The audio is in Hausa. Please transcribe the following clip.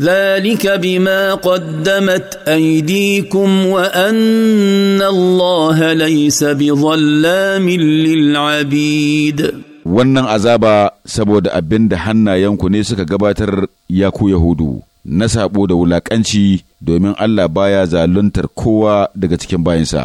ذلك بما قدمت ايديكم وان الله ليس بظلام للعبيد wannan azaba saboda abin da hannayenku ne suka gabatar ya ku yahudu na saɓo da wulaƙanci domin Allah baya zaluntar kowa daga cikin bayansa